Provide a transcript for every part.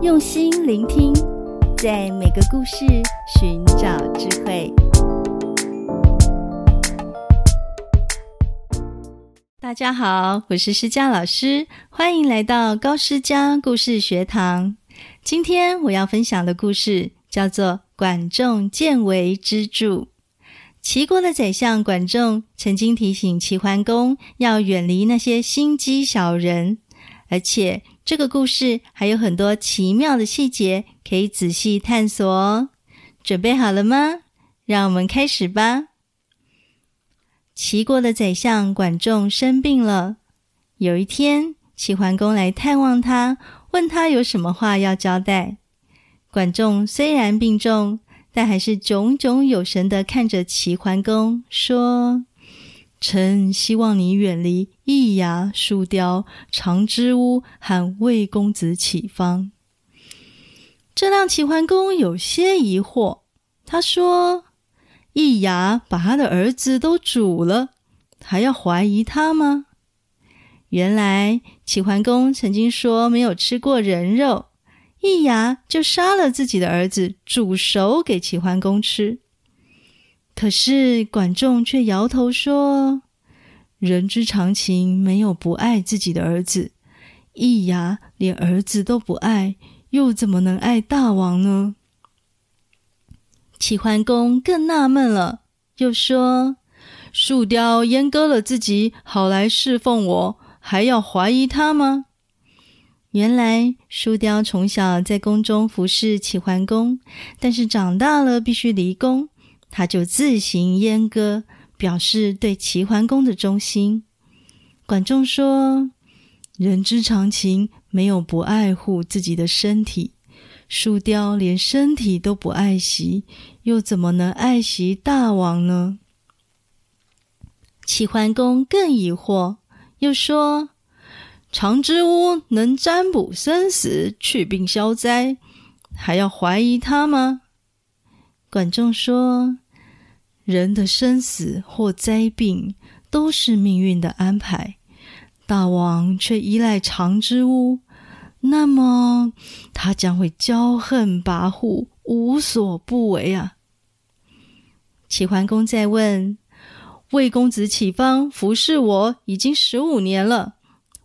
用心聆聽，在每個故事尋找智慧。大家好，我是詩佳老師，歡迎來到高詩佳故事學堂。今天我要分享的故事叫做《管仲見微知著》。齊國的宰相管仲曾經提醒齊桓公要遠離那些心機小人，而且，這個故事還有很多奇妙的細節，可以仔細探索哦。準備好了嗎？讓我們開始吧。齊國的宰相管仲生病了。有一天，齊桓公來探望他，問他有什麼話要交代。管仲雖然病重，但還是炯炯有神的看着齊桓公，說：“臣希望你遠離。”易牙豎貂常之巫和衛公子啟方，這讓齊桓公有些疑惑。他說：“易牙把他的兒子都煮了，還要懷疑他嗎？”原來齊桓公曾經說沒有吃過人肉，易牙就殺了自己的兒子煮熟給齊桓公吃。可是管仲卻搖頭說。人之常情，沒有不愛自己的兒子。易牙連兒子都不愛，又怎麼能愛大王呢？齊桓公更納悶了，又說：“樹雕閹割了自己，好來侍奉我，還要懷疑他嗎？”原來樹雕從小在宮中服侍齊桓公，但是長大了必須離宮，他就自行閹割。表示對齊桓公的忠心。管仲說：“人之常情，沒有不愛護自己的身體。豎刁連身體都不愛惜，又怎麼能愛惜大王呢？”齊桓公更疑惑，又說：“常之巫能占卜生死、去病消災，還要懷疑他嗎？”管仲說。人的生死或災病都是命運的安排，大王卻依賴常之巫，那麼他將會驕橫跋扈，無所不為啊！齊桓公再問衛公子啟方：“服侍我已經十五年了，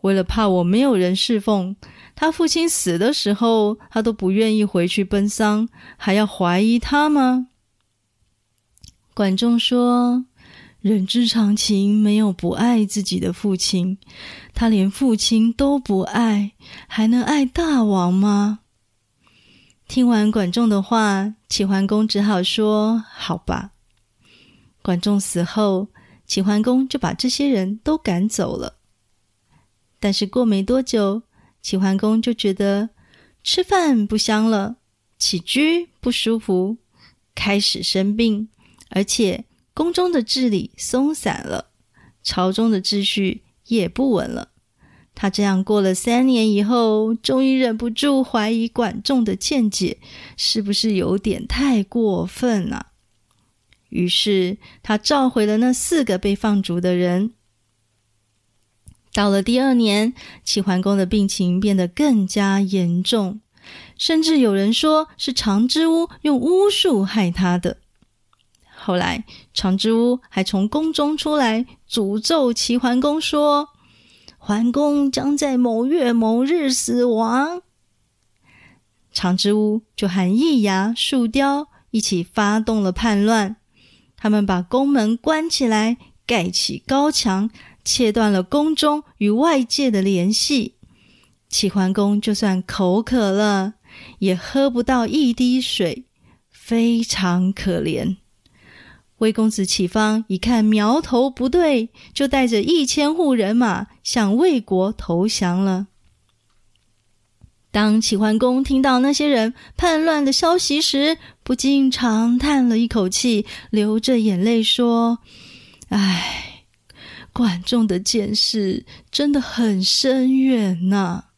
為了怕我沒有人侍奉，他父親死的時候他都不願意回去奔喪，還要懷疑他嗎？”管仲說：“人之常情，沒有不愛自己的父親。他連父親都不愛，還能愛大王嗎？”聽完管仲的話，齊桓公只好說：“好吧。”管仲死後，齊桓公就把這些人都趕走了。但是過沒多久，齊桓公就覺得吃飯不香了，起居不舒服，開始生病。而且，宮中的治理鬆散了，朝中的秩序也不穩了。他這樣過了三年以後，終於忍不住懷疑管仲的見解是不是有點太過分了、啊。於是，他召回了那四個被放逐的人。到了第二年，齊桓公的病情變得更加嚴重，甚至有人說是常之巫用巫術害他的。後來，常之巫還從宮中出來詛咒齊桓公，說：“桓公將在某月某日死亡。”常之巫就和易牙、豎刁一起發動了叛亂。他們把宮門關起來，蓋起高牆，切斷了宮中與外界的聯繫。齊桓公就算口渴了，也喝不到一滴水，非常可憐。魏公子啟方一看苗頭不對，就帶着一千戶人馬向衛國投降了。當齊桓公聽到那些人叛亂的消息時，不禁長歎了一口氣，流着眼淚說：“唉，管仲的見識真的很深遠吶、啊！”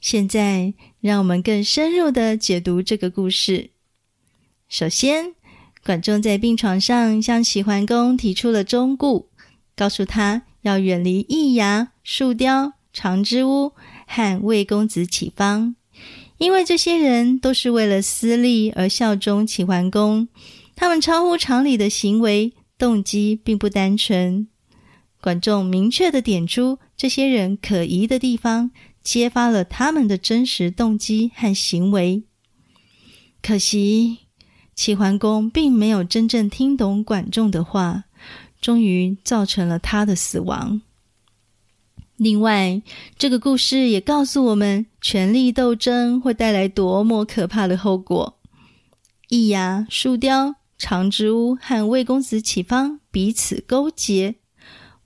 現在，讓我們更深入的解讀這個故事。首先。管仲在病床上向齊桓公提出了忠告，告訴他要遠離易牙、豎刁、常之巫和衛公子啟方，因為這些人都是為了私利而效忠齊桓公，他們超乎常理的行為動機並不單純。管仲明確地點出這些人可疑的地方，揭發了他們的真實動機和行為。可惜。齊桓公並沒有真正聽懂管仲的話，終於造成了他的死亡。另外，這個故事也告訴我們，權力鬥爭會帶來多麼可怕的後果。易牙、豎刁、常之巫和衛公子啟方彼此勾結，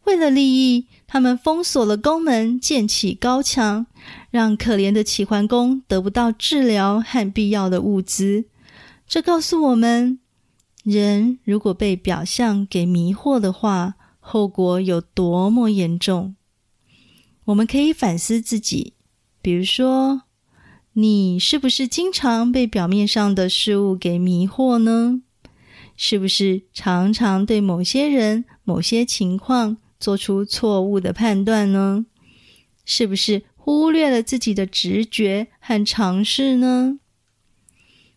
為了利益，他們封鎖了宮門，建起高牆，讓可憐的齊桓公得不到治療和必要的物資。這告訴我們，人如果被表象給迷惑的話，後果有多麼嚴重。我們可以反思自己，比如說，你是不是經常被表面上的事物給迷惑呢？是不是常常對某些人、某些情況做出錯誤的判斷呢？是不是忽略了自己的直覺和常識呢？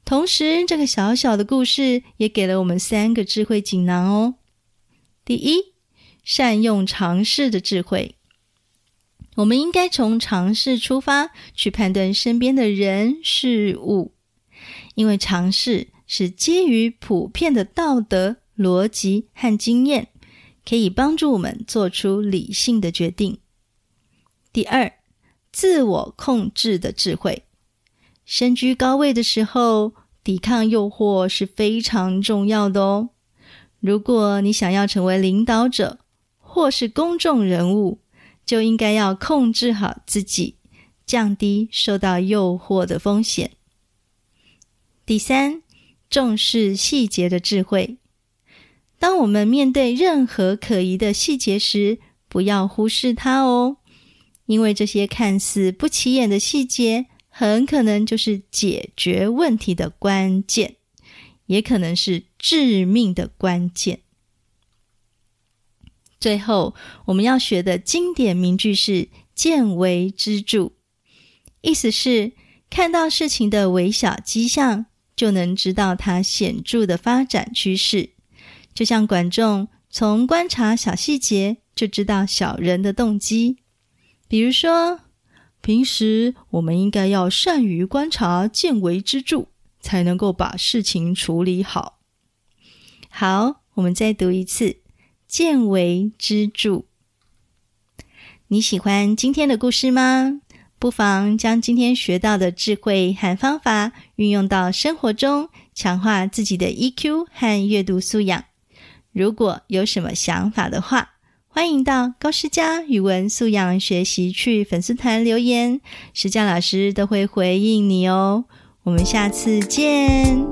同時，這個小小的故事也給了我們三個智慧錦囊哦。第一，善用常識的智慧。我們應該從常識出發去判斷身邊的人事物，因為常識是基於普遍的道德、邏輯和經驗，可以幫助我們做出理性的決定。第二，自我控制的智慧。身居高位的時候，抵抗誘惑是非常重要的哦。如果你想要成為領導者或是公眾人物，就應該要控制好自己，降低受到誘惑的風險。第三，重視細節的智慧。當我們面對任何可疑的細節時，不要忽視它哦，因為這些看似不起眼的細節，很可能就是解決問題的關鍵，也可能是致命的關鍵。最後，我們要學的經典名句是“見微知著”，意思是看到事情的微小跡象，就能知道它顯著的發展趨勢。就像管仲從觀察小細節就知道小人的動機，比如說。平時我們應該要善於觀察，見微知著，才能夠把事情處理好。好，我們再讀一次“見微知著”。你喜歡今天的故事嗎？不妨將今天學到的智慧和方法運用到生活中，強化自己的 EQ 和閱讀素養。如果有什麼想法的話。歡迎到高詩佳語文素養學習區粉絲團留言，詩佳老師都會回應你哦。我們下次見。